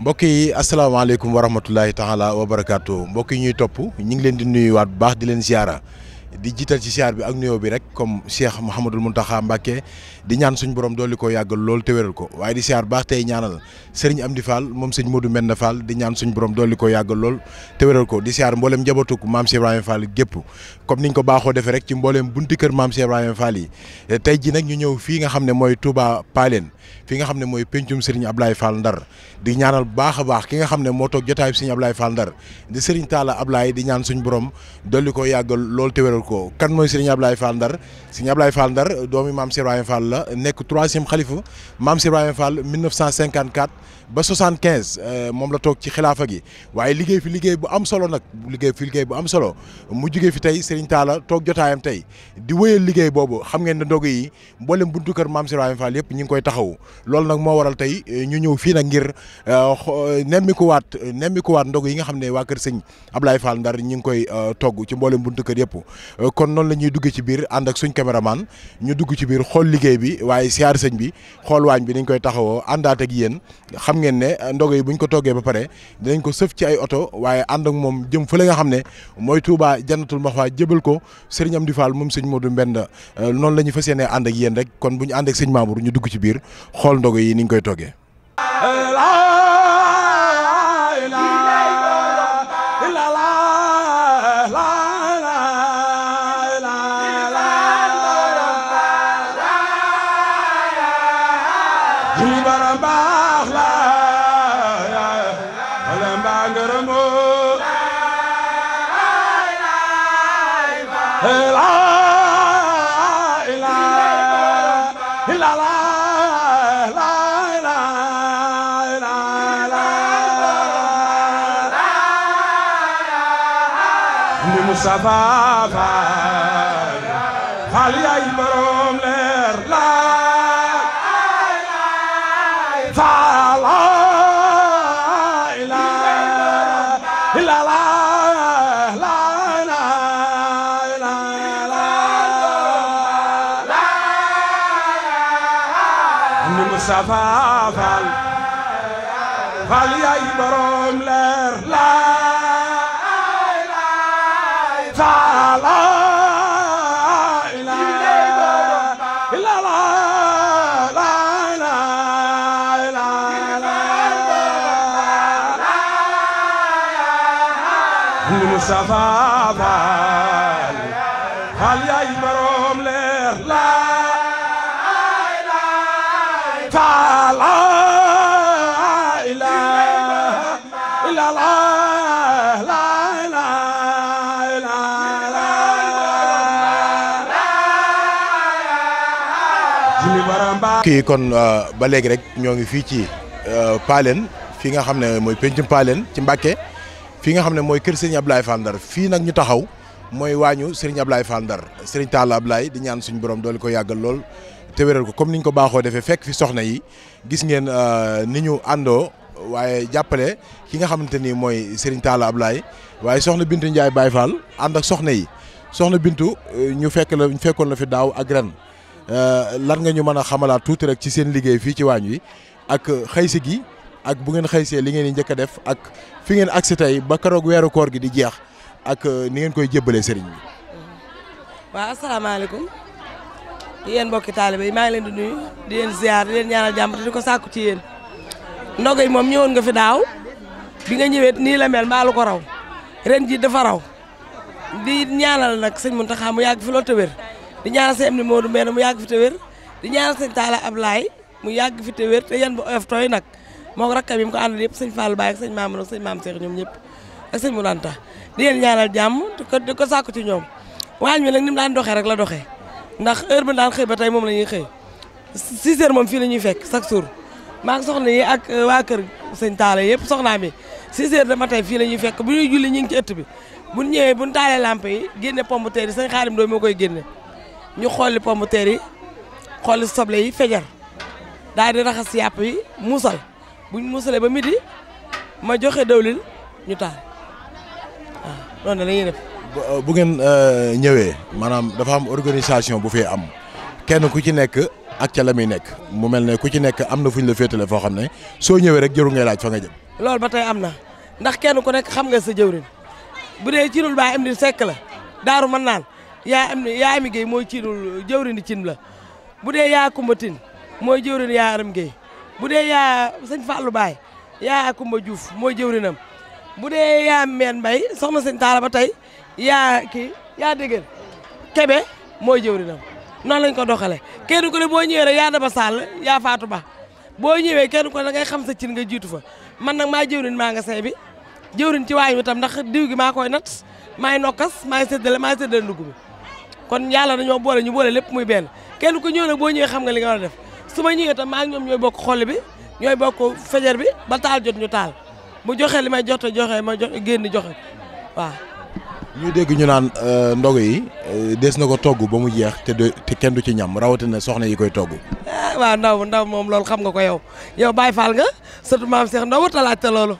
mbokk yi asalaamaaleykum wa rahmatulahi ala wa barakaatu mbokk yi ñuy topp ñu ngi leen di nuyuwaat bu baax di leen ziara di jiital ci siyaar bi ak nuyoo bi rek comme Cheikh Mouhamadul Mountakha Mbacké di ñaan suñu borom dool li ko yàggal lool te wéral ko waaye di siyaar baax tey ñaanal Serigne Amdi Fall moom sëñ Modou Mbenda Fall di ñaan suñu borom dool li ko yàggal lool te wéral ko di siyaar mbooleem njabootug Maam Cheikh Ibrahima Fall gépp ko baaxoo defee rek ci mbooleem bunti kër Maam Cheikh tey ji nag ñu ñëw fii nga xam ne mooy Touba Palen fi nga xam ne mooy pencum Serigne Ablaye Fall Ndar di ñaanal baax a baax ki nga xam ne moo toog jotaay bi Serigne Ablaye Fall Ndar di Serigne Talla Ablaye ñaan suñu borom dool li ko yàggal loolu te wéral ko kan mooy Serigne Ablaye Fall Ndar Serigne Ablaye Fall Ndar doomi maam Cheikh Ibrahima Fall la nekk troisième xalifa maam Cheikh Ibrahima Fall 1954 ba 75 euh, moom la toog ci xilaafa gi waaye liggéey fi liggéey bu am solo nag liggéey fi liggéey bu am solo mu jugee fi tey Serigne Talla toog jotaayam tey di wéyal liggéey boobu xam ngeen ne ndogu yi mboolem buntu kër maam Cheikh Ibrahima Fall yëpp ñu ngi koy taxawu loolu nag moo waral tey euh, ñu ñëw fii nag ngir euh, nemmikuwaat nemmikuwaat ndogu yi nga xam ne waa kër Serigne Ablaye Fall Ndar ñu ngi koy togg ci mboolem buntu kër yëpp Euh, kon noonu la ñuy dugg ci biir ànd ak suñ caméraman ñu dugg ci biir xool liggéey bi waaye siyaar sëñ bi xool waañ bi dañ koy taxawoo àndaat ak yéen xam ngeen ne euh, ndogo yi buñ ko toggee ba pare dinañ ko sëf ci ay oto waaye ànd ak moom jëm fële nga xam ne mooy Touba jannatul maxwaa jëbal ko sëriñ Amdi Fall moom sëñ moo du Mbenda euh, noonu la ñu fas yéenee ànd ak yéen rek kon bu ñu ànd ak sëñ Mamour ñu dugg ci biir xool ndogo yi niñ koy toggee Moustapha Fall Fall yaay borom leer laay Fall laay laay laay laay laay Moustapha Moustapha Fall xaal yaay borom leer laay laay Fall laay laay laay laay kii kon euh, ba léegi rek ñoo ngi fii ci euh, Paleen fii nga xam ne mooy pencum Paleen ci Mbàkke fii nga xam ne mooy kër Serigne Ablaye Fall Ndar fii nag ñu taxaw mooy waañu Serigne Ablaye Fall Ndar Serigne Talla laay di ñaan suñu borom doole ko yàggal lool te wéral ko comme niñ ko baaxoo defee fekk fi soxna yi gis ngeen euh, ni ñu àndoo waaye jàppale ki nga xamante ni mooy Serigne Talla Ablaye waaye soxna Bintu Ndiaye Baye Fall ànd ak soxna yi soxna Bintu euh, ñu fekk la ñu fekkoon la fi daaw ak ren euh, lan nga ñu mën a xamalaat tuuti rek ci seen liggéey fii ci waañ wi ak xëysi gi ak bu ngeen xëysee li ngeen di njëkk a def ak fi ngeen agsi tey ba keroog weeru koor gi di jeex ak euh, ni ngeen koy jébbalee sëriñ bi. Mm-hmm. waaw asalaamaaleykum yéen mbokki taalibe yi maa ngi leen di nuyu di leen ziar di leen ñaanal jàmm di ko sàkku ci yéen ndogo moom ñëwoon nga fi daaw bi nga ñëwee nii la mel mbaalu ko raw ren ji dafa raw di ñaanal nag sëñ Mountakha mu yàgg fi loolu te wér di mu yàgg fi te wér di ñaanal sëñ Talla mu yàgg fi te wér te yan bu oyof tooy nag. moom rakkam yi mu ko àndal yëpp sëñ Fallou Baye ak sëñ Mamadou ak sëñ Mame Cheikh ñoom ñëpp ak sëñ Mourou Anta di leen ñaanal jàmm di ko sàkku ci ñoom waañ mi nag ni mu daan doxee rek la doxee ndax heure bi daan xëy ba tey moom la ñuy xëy 6 heures moom fii la ñuy fekk chaque jour maa ngi soxna yi ak euh, waa kër sëñ taala yëpp soxnaa mi 6 heures de matin fii la ñuy fekk bu ñu julli ñu ngi ci ëtt bi bu ñu ñëwee bu ñu taalee lampe yi génne pomme de terre yi sëñ Xaadim moo koy génne ñu xooli pomme de terre yi xooli soble yi fejar daal di raxas yàpp yi muusal buñ musalee ba di ma joxe dawlin ñu taal waaw noonu la ñuy def. bu euh, ngeen euh, ñëwee maanaam dafa am organisation bu fi am kenn ku ci nekk ak ca la nekk mu mel ne ku ci nekk am na fu ñu la féetale foo xam ne soo ñëwee rek jëru ngay laaj fa nga jëm. loolu ba tey am na ndax kenn ku nekk xam nga sa jëwrin bu dee cinul baa am di sekk la daaru mën naan yaa am yaa ami géey mooy cinul jëwrin di cin la bu dee yaa kumbatin mooy jëwrin yaa aram géey bu dee yaa sëñ Fallou Baye yaa Kumba Diouf mooy jëwrinam bu dee yaa meen mbay soxna sëñ Taala ba tey yaa kii yaa dëgër Kebe mooy jëwrinam noonu lañ ko doxale kenn ku ne boo ñëwee rek yaa Daba Sall yaa Fatou Ba boo ñëwee kenn ku ne da ngay xam sa cin nga jiitu fa man nag maa jëwrin maa nga say bi jëwrin ci waañ wi ndax diw gi maa koy nat maay nokkas maay séddale maay séddale ndugg bi kon yàlla dañoo boole ñu boole lépp muy benn kenn ku ñëw nag boo ñëwee xam nga li nga war def su ma ñëwee tam maa ñoom ñooy bokk xolli bi ñooy bokk fajar bi ba taal jot ñu taal mu joxe li may jot joxe ma joxe génn joxe waaw. ñuy dégg ñu naan euh, ndogu yi euh, des na ko togg ba mu jeex te du te kenn du ci ñam rawatina soxna yi koy togg. Ah, waaw ndaw moom loolu xam nga ko yow yow Baye Fall nga sëtu maam Cheikh ndaw ta laaj te loolu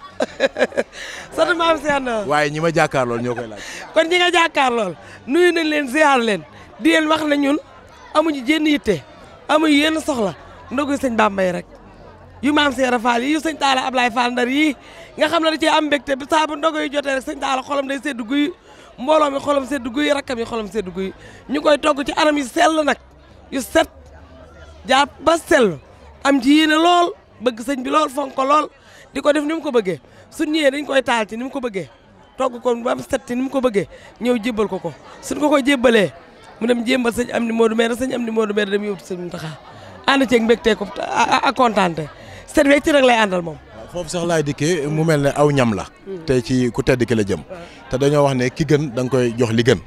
sëtu waaye ñi ma jàkkaar lool ñoo koy laaj. kon ñi nga jàkkaar lool nuyu nañ leen ziar leen di leen wax na ñun amuñu jenn yitte amuñu yenn soxla. ndogu sëñ Bamba yi rek yu maam Seera Fall yi yu sëñ Taala Ablaye Fall Ndar yi nga xam ne da cee am mbégte bi saabu bu jote rek sëñ Taala xolam nday seddu guy mbooloo mi xolam seddu guy rakkam yi xolam seddu guy ñu koy togg ci anam yu sell nag yu set jàpp ba sell am ci yéene lool bëgg sëñ bi lool fonk ko lool di ko def ni mu ko bëggee suñ ñëwee dañ koy taal ci ni mu ko bëggee togg ko ba mu set ci ni mu ko bëggee ñëw jébbal ko ko suñ ko ko jébbalee mu dem jémbal sëñ am ni Modou Mbène sëñ am ni Modou Mbène dem yóbbu sëñ Mountakha ànd ceeg te ko ak kontaante seen wecc rek lay àndal moom. foofu sax laay mu mel ne aw ñam la. Hmm. tey ci ku tedd la jëm. Hmm. te dañoo wax ne ki gën da koy jox li gën.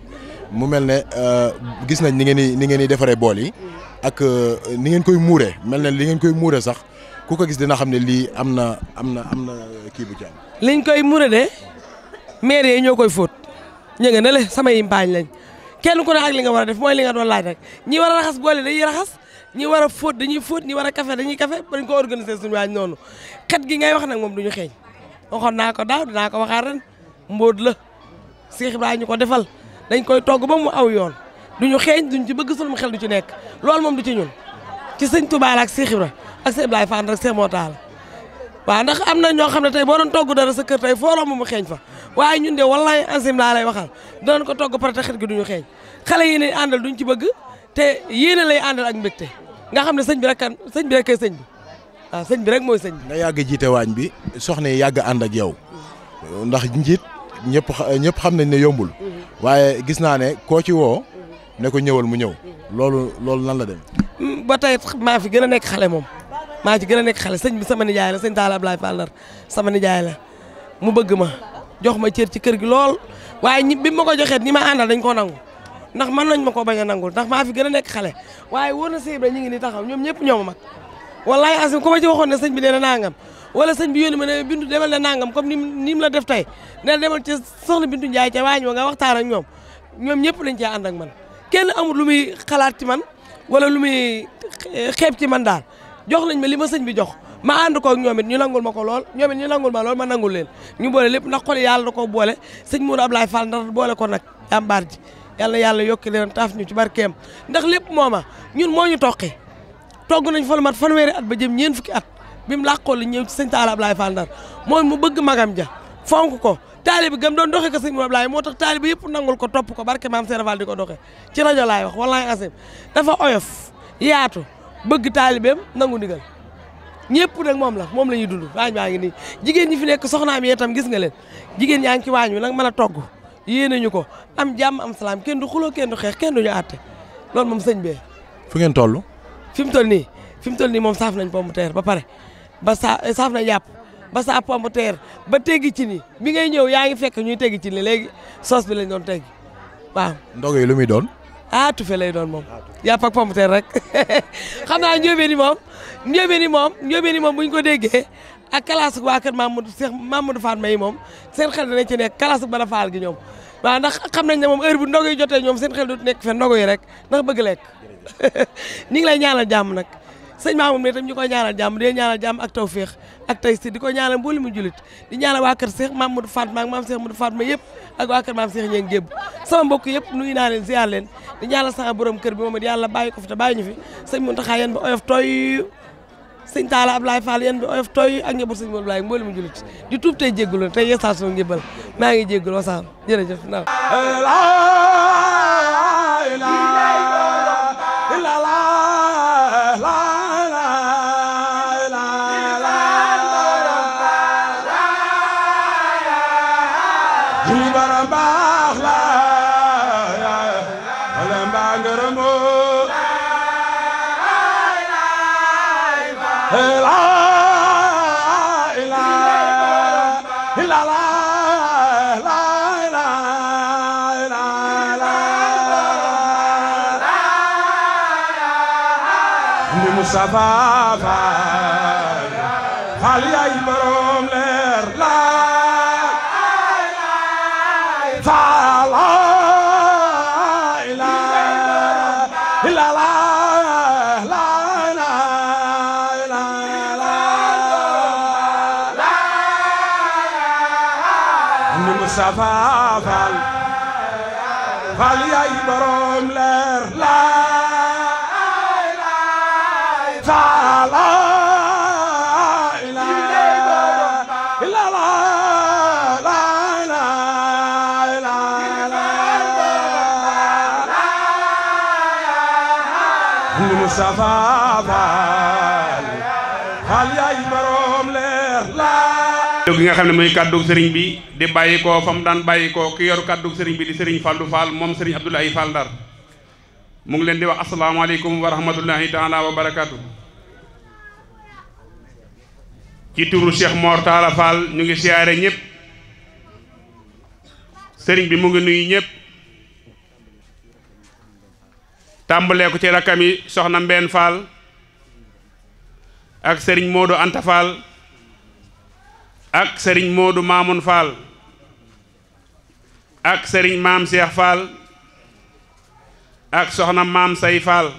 mu mel ne euh, gis nañ ni ngeen ni ni ngeen di defaree bool yi. Hmm. ak euh, ni ngeen koy muure mel ne li ngeen koy muure sax ku ko gis dina xam ne lii am na am na am na kii bu ci am. liñ koy muure de maire yi ñoo koy fóot ñu nga ne sama samay mbaañ lañ kenn ku ne ak li nga war a def mooy li nga doon laaj rek ñi war a raxas bool yi dañuy raxas. ñi war a fóot dañuy fóot ñi war a café dañuy café dañ ko organiser suñu waañ noonu xet gi ngay wax nag moom duñu xeeñ waxoon naa ko daaw dinaa ko waxaat ren mbóot la Cheikh Ibrahima ñu ko defal dañ koy togg ba mu aw yoon duñu xeeñ duñ ci bëgg sunu xel du ci nekk loolu moom du ci ñun ci sëñ Touba la ak Cheikh Ibra ak Cheikh Ibrahima Fall ak Cheikh Motaala ndax am na ñoo xam ne boo doon togg dara sa kër tey foo romb mu xeeñ fa waaye ñun de wallahi ansim laa lay waxal dinañ ko togg pare te xet gi duñu xeeñ xale yi ne àndal duñ ci bëgg te yéene lay àndal ak mbégte nga xam ne sëñ bi rek kan sëñ bi rek a sëñ bi waaw sëñ bi rek mooy sëñ bi. nga yàgg jiite waañ bi soxna yi yàgg ànd ak yow ndax njiit ñëpp ñëpp xam nañ ne yombul waaye gis naa ne koo ci woo ne ko ñëwal mu ñëw loolu loolu nan la dem. Mm, ba tey maa fi gën a nekk xale moom maa ci gën a nekk xale sëñ bi sama nijaay la sëñ Talla Ablaye Fall Ndar sama nijaay la mu bëgg ma jox ma cër ci kër gi lool waaye ñi bi ma ko joxeet ñi ma àndal dañ koo nangu. ndax man nañ ma ko bañ a nangul ndax maa fi gën a nekk xale waaye wóor na Sëñ Ibra ñu ngi ni taxaw ñoom ñëpp ñoom mag wallaay asim ku ma ci waxoon ne sëñ bi nee na nangam wala sëñ bi yónni ma ne bindu demal na nangam comme ni mu la def tey ne demal ci soxna bindu Njaay ca waañ wa nga waxtaan ak ñoom ñëpp lañ cee ànd ak man kenn amul lu muy xalaat ci man wala lu muy xeeb ci man daal jox lañ ma li ma sëñ bi jox ma ànd ko ak ñoom it ñu nangul ma ko lool ñoom it ñu nangul ma lool ma nangul leen ñu boole lépp ndax xol yàlla da ko boole sëñ Mourou Ablaye Fall ndax boole ko nag jàmbaar ji yalla yàlla yokk leen taaf ñu ci barkeem ndax lépp mooma ñun moo ñu toqi togg nañ fa mat fan fanweeri at ba jëm ñeen fukki at bi mu làqoo li ñëw ci sëñ Ndar mooy mu bëgg magam ja fonk ko taalibe gam doon doxee ko sëñ Ablaye moo tax taalibe yëpp nangul ko topp ko barke maam Serafal di ko doxee ci rajo laay wax wallaay asim dafa oyof yaatu bëgg taalibeem nangu ndigal ñëpp nag moom la moom la ñuy dund waañ waa ngi nii jigéen ñi fi nekk soxnaam yee tam gis nga leen jigéen ñaa ngi ci waañ nag mën a togg yéene ñu ko am jàmm am salaam kenn du xuloo kenn du xeex kenn du ñu àtte loolu moom sëñ bee. fu ngeen toll. fi mu toll nii fi mu toll nii moom saaf nañ pomme de terre ba pare ba saa saaf nañ yàpp ba saa pomme de terre ba teggi ci ni bi ngay ñëw yaa ngi fekk ñu teggi ci ni léegi sauce bi lañ doon teggi waaw. ndog yi lu muy doon. aatu ah, tufe lay doon moom yàpp ak pomme rek xam naa njóobeen ni moom njóobeen ni moom njóobeen ni moom bu ñu ko déggee ak kalaasu waa kër Mamadou Cheikh Mamadou Fall may moom seen xel dana ci nekk kalaasu Bada Fall gi ñoom waaw ndax xam nañ ne moom heure bu ndogu ñoom seen xel du nekk fe ndogu rek ndax bëgg lekk ñu ngi lay ñaanal jàmm nag sëñ Mamour mi tam ñu koy ñaanal jàmm di ñaanal jàmm ak tawféex ak tey si di mu julit di ñaanal waa kër Cheikh Mamadou Fatma ak maam Cheikh Mamadou Fatma yëpp ak maam Cheikh ñeeng gébb sama mbokk yëpp nuyu naa leen ziar leen di ñaanal sama borom kër bi moom it yàlla bàyyi ko fi te bàyyi ñu fi sëñ Mountakha yéen oyof tooy sëñ Talla Ablaye Fall yéen bi oyof tooy ak njaboot sëñ Ablaye mboolem mu jullit di tuub tey jégalu tey yéen saa su njëbbal maa ngi jégalu wasaam jërëjëf naaw. Safafa xaal yaay borom leer la faala Musa Faal Faal yaay borom Moustapha Fall xaal yaay borom leer laa gi nga xam ne mooy kàddu sëriñ bi di bàyyi ko fa mu daan bàyyi ko ki yor kàddu sëriñ bi di sëriñ Fallou Fall moom sëriñ Abdoulaye Fall Ndar mu ngi leen di wax asalaamaaleykum wa rahmatullahi taala wa barakaatu. ci turu Cheikh Mor Talla ñu ngi siyaare ñëpp sëriñ bi mu ngi nuyu ñëpp. tàmbalee ci rakkam yi soxna Mbène Fall ak sëriñ Modou Anta Fall ak sëriñ Modou Mamoun Fall ak sëriñ Maam Cheikh Fall ak soxna Maam Say Fall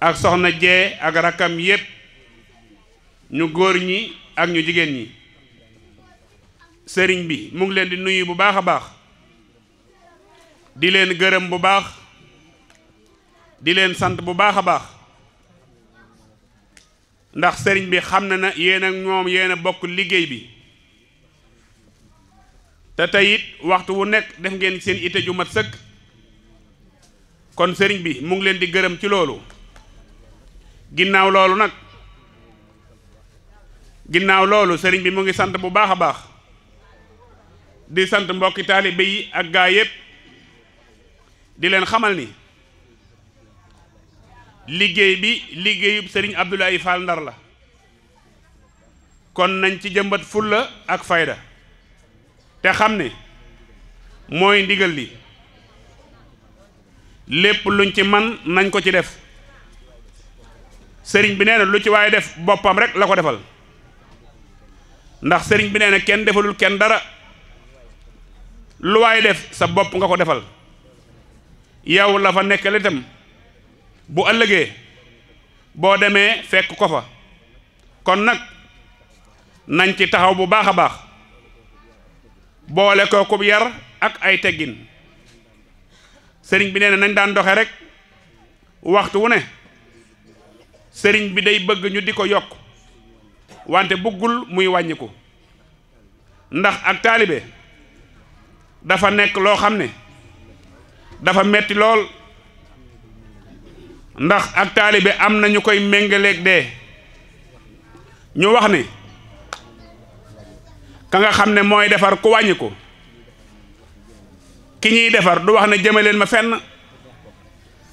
ak soxna Jee ak rakkam yépp ñu góor ñi ak ñu jigéen ñi sëriñ bi mu ngi leen di nuyu bu baax a baax di leen gërëm bu baax di leen sant bu baax a baax ndax sëriñ bi xam na na yéen ak ñoom yéen a bokk liggéey bi te tey it waxtu wu nekk def ngeen seen ite ju mat sëkk kon sëriñ bi mu ngi leen di gërëm ci loolu ginnaaw loolu nag ginnaaw loolu sëriñ bi mu ngi sant bu baax a baax di sant mbokki taalibe yi ak gaa yépp di leen xamal ni liggéey bi liggéeyub sëriñ Abdoulaye Fall Ndar la kon nañ ci jëmbat fulla ak fayda te xam ne mooy ndigal li lépp luñ ci man nañ ko ci def sëriñ bi nee na lu ci waaye def boppam rek la ko defal ndax sëriñ bi nee na kenn defalul kenn dara lu waay def sa bopp nga ko defal yow la fa nekkal itam bu ëllëgee boo demee fekk ko fa kon nag nañ ci taxaw bu baax a baax boole ko ku yar ak ay teggin sëriñ bi nee na nañ daan doxe rek waxtu wu ne sëriñ bi day bëgg ñu di ko yokk wante bëggul muy wàññiku ndax ak taalibe dafa nekk loo xam ne dafa metti lool ndax ak taalibe am na ñu koy méngaleeg dee ñu wax ni ka nga xam ne mooy defar ku wàññiku ki ñuy defar du wax ne jëme leen ma fenn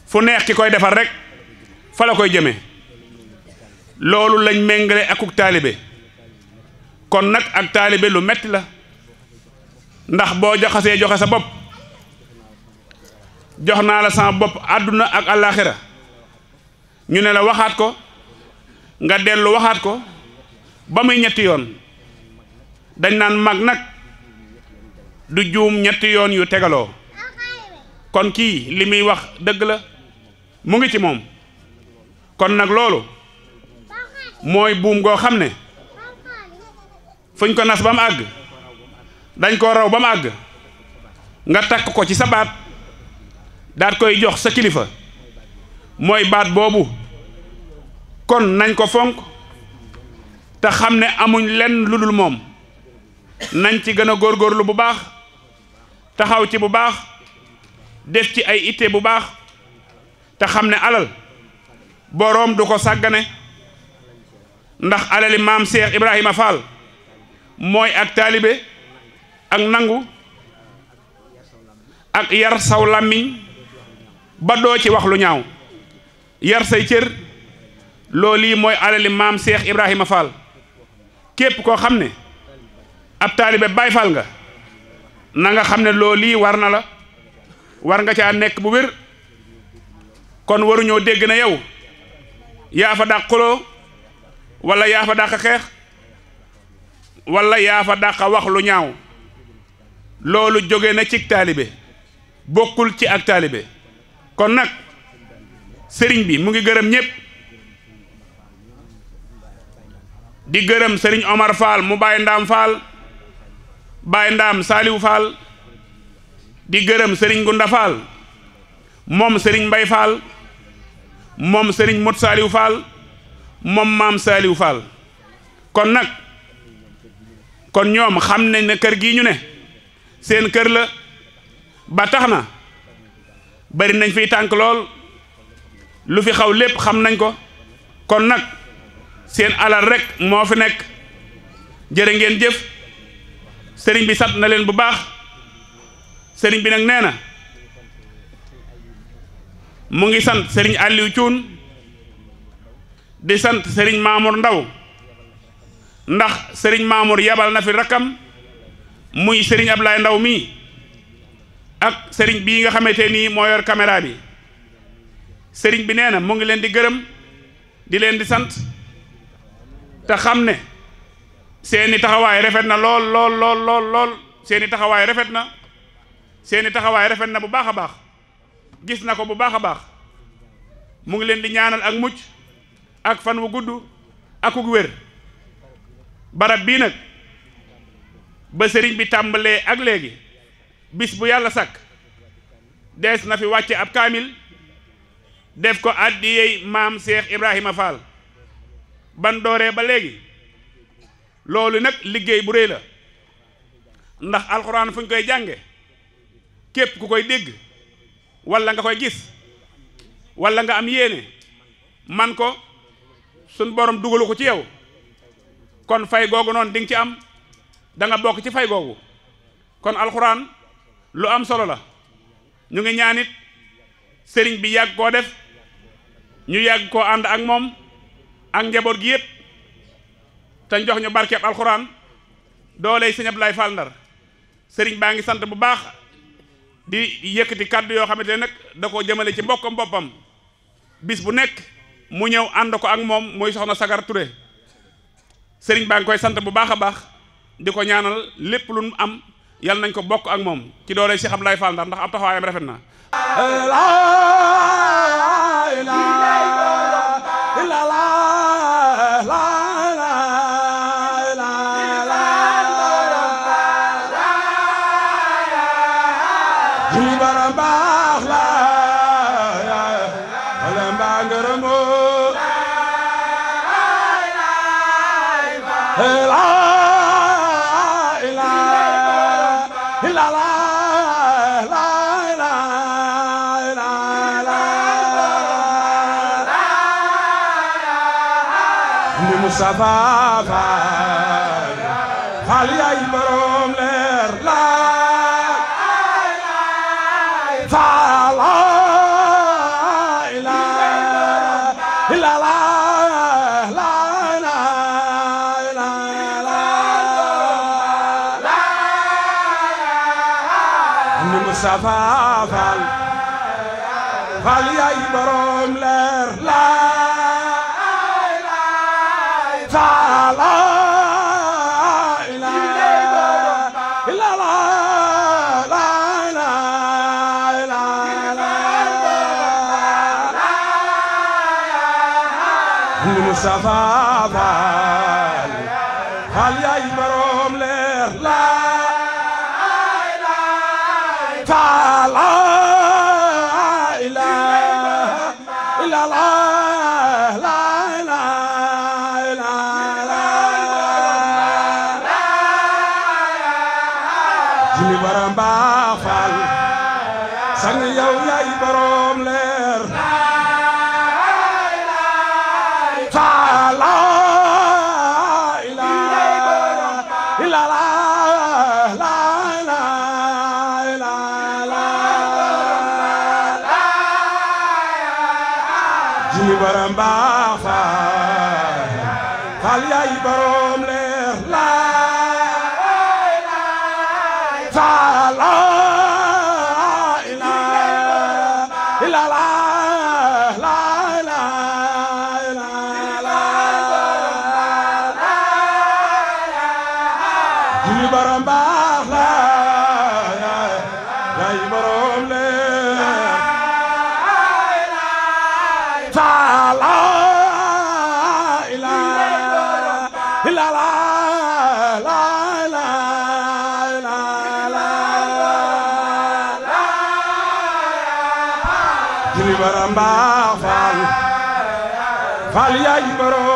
fu neex ki koy defar rek fa la koy jëme loolu lañ méngale akuk taalibe kon nag ak taalibe lu metti la ndax boo joxasee joxe sa bopp jox naa la sama bopp àdduna ak àllaaxira ñu ne la waxaat ko nga dellu waxaat ko ba muy ñetti yoon dañ naan mag nag du juum ñetti yoon yu tegaloo kon kii li muy wax dëgg la mu ngi ci moom kon nag loolu mooy buum goo xam ne fuñ ko nas ba mu àgg dañ ko raw ba mu àgg nga takk ko ci sa baat daat koy jox sa kilifa mooy baat boobu kon nañ ko fonk te xam ne amuñ lenn lu dul moom nañ ci gën a góorgóorlu bu baax taxaw ci bu baax def ci ay itte bu baax te xam ne alal boroom du ko sàggane ndax alali maam Cheikh Ibrahima Fall mooy ak taalibe ak nangu ak yar saw làmmiñ ba doo ci wax lu ñaaw yar say cër loolu yi mooy alali maam Cheikh Ibrahima Fall képp koo xam ne ab taalibe Baay Fall nga na nga xam ne loolu yi war na la war nga caa nekk bu wér kon waruñoo dégg na yow yaafa fa dàq xuloo wala yaa fa dàq xeex wala yaa fa dàq wax lu ñaaw loolu jóge na ci taalibe bokkul ci ak taalibe kon nag sëriñ bi mu ngi gërëm ñépp di gërëm sëriñ Omar Fall mu Baye Ndaam Fall Baye Ndaam Saliou Fall di gërëm sëriñ Gunda Fall moom sëriñ Mbay Fall moom sëriñ Mot Saliou Fall moom maam Saliou Fall kon nag kon ñoom xam nañ ne kër gi ñu ne seen kër la ba tax na bari nañ fiy tànk lool lu fi xaw lépp xam nañ ko kon nag seen alal rek moo fi nekk jërë ngeen jëf sëriñ bi sat na leen bu baax sëriñ bi nag nee na mu ngi sant sëriñ Aliou Thioune di sant sëriñ Mamour Ndaw ndax sëriñ Mamour yabal na fi rakkam muy sëriñ Ablaye Ndaw mii ak sëriñ bii nga xamante nii moo yor caméra bi sëriñ bi nee na mu ngi leen di gërëm di leen di sant te xam ne seeni taxawaay rafet na lool lool lool seeni taxawaay rafet na seeni taxawaay rafet na bu baax a baax gis na ko bu baax a baax mu ngi leen di ñaanal ak mucc ak fan wu gudd akuk wér barab bii nag ba sëriñ bi tàmbalee ak léegi bis bu yàlla sàkk dees na fi wàcce ab kaamil def ko addiyey maam Cheikh Ibrahima Fall ban dooree ba léegi loolu nag liggéey bu réy la ndax alxuraan fuñ koy jànge képp ku koy dégg walla nga koy gis walla nga am yéene man ko suñ borom dugalu ko ci yow kon fay googu noonu di nga ci am da nga bokk ci fay googu kon alxuraan lu am solo la ñu ngi ñaanit sëriñ bi yàgg koo def ñu yàgg koo ànd ak moom ak njaboot gi yëpp te jox ñu barkeeb alxuraan dooley sëñ Abdoulaye Fall Ndar sëriñ baa ngi sant bu baax di yëkkati kàddu yoo xamante ne nag da koo jëmale ci mbokkam boppam bis bu nekk mu ñëw ànd ko ak moom muy soxna Sagar Touré sëriñ baa ngi koy sant bu baax a baax di ko ñaanal lépp lu am yàlla nañ ko bokk ak moom ci dooley Cheikh Abdoulaye Fall Ndar ndax ab taxawaayam rafet naa Moustapha Fall Fall yaay borom leer la Fall la la la Moustapha safaba borom baax faal faal yaay borom war a mbaax faal faal yaay borom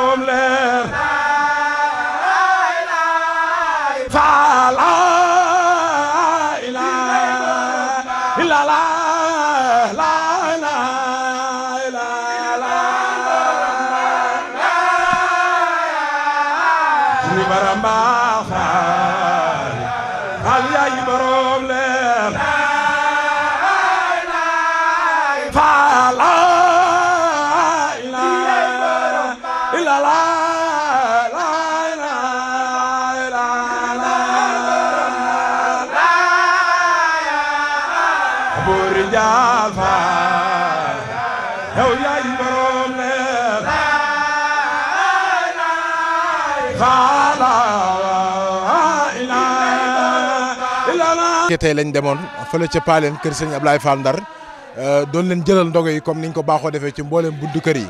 tey lañ demoon fële ca leen kër sëñ Ablaye Fall Ndar euh, doon leen jëlal ndogo yi comme niñ ko baaxoo defee ci mboolem buntu kër yi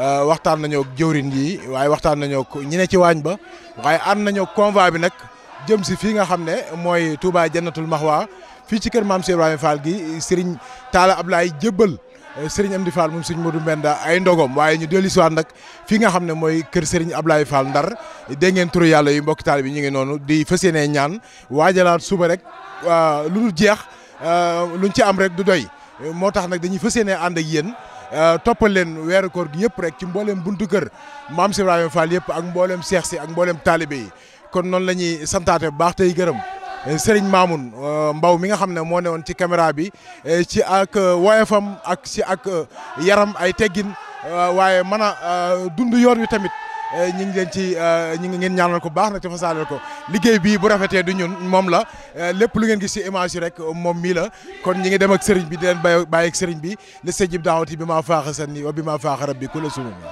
euh, waxtaan nañoo ak jëwrin yi waaye waxtaan nañoo ak ne ci waañ ba waaye ànd nañoo convoi bi nag jëm si fii nga xam ne mooy Touba Jannatul Mahwa fii ci kër maam Cheikh Ibrahima Fall gi Serigne Talla Ablaye jébbal eh, Serigne Amdi Fall moom Serigne Modou Mbenda ay ndogom waaye ñu dellu si waat nag fii nga xam ne mooy kër Serigne Ablaye Fall ndar dégg ngeen turu yàlla yi mbokki taal bi ñu ngi noonu di fas yéenee ñaan waajalaat suba rek lu dul jeex eh, luñ ci am rek du doy moo tax nag dañuy fas yéenee ànd ak yéen. Eh, toppal leen weeru koor gi yëpp rek ci mboolem buntu kër maam Cheikh Ibrahima Fall yëpp ak mbooleem seex si ak mboolem taalibe kon noonu la ñuy santaate bu baax tey gërëm. Eh, Serigne Mamoun euh, Mbaw mi nga xam ne moo ne woon ci caméra bi eh, ci ak euh, woyefam ak ci ak euh, yaram ay teggin waaye mën a dund yoon wi tamit eh, ñu ngi leen ci ñu ngi ngeen ñaanal ko baax nag te fasaaleel ko liggéey bi bu rafetee du ñun moom la lépp lu ngeen gi ci image yi rek moom mii la kon ñi ngi dem ak sëriñ bi di leen bàyyi sëriñ bi li sa jib daawati bi maa faaxa sanni wa bi maa faaxa rabbi ku la sunu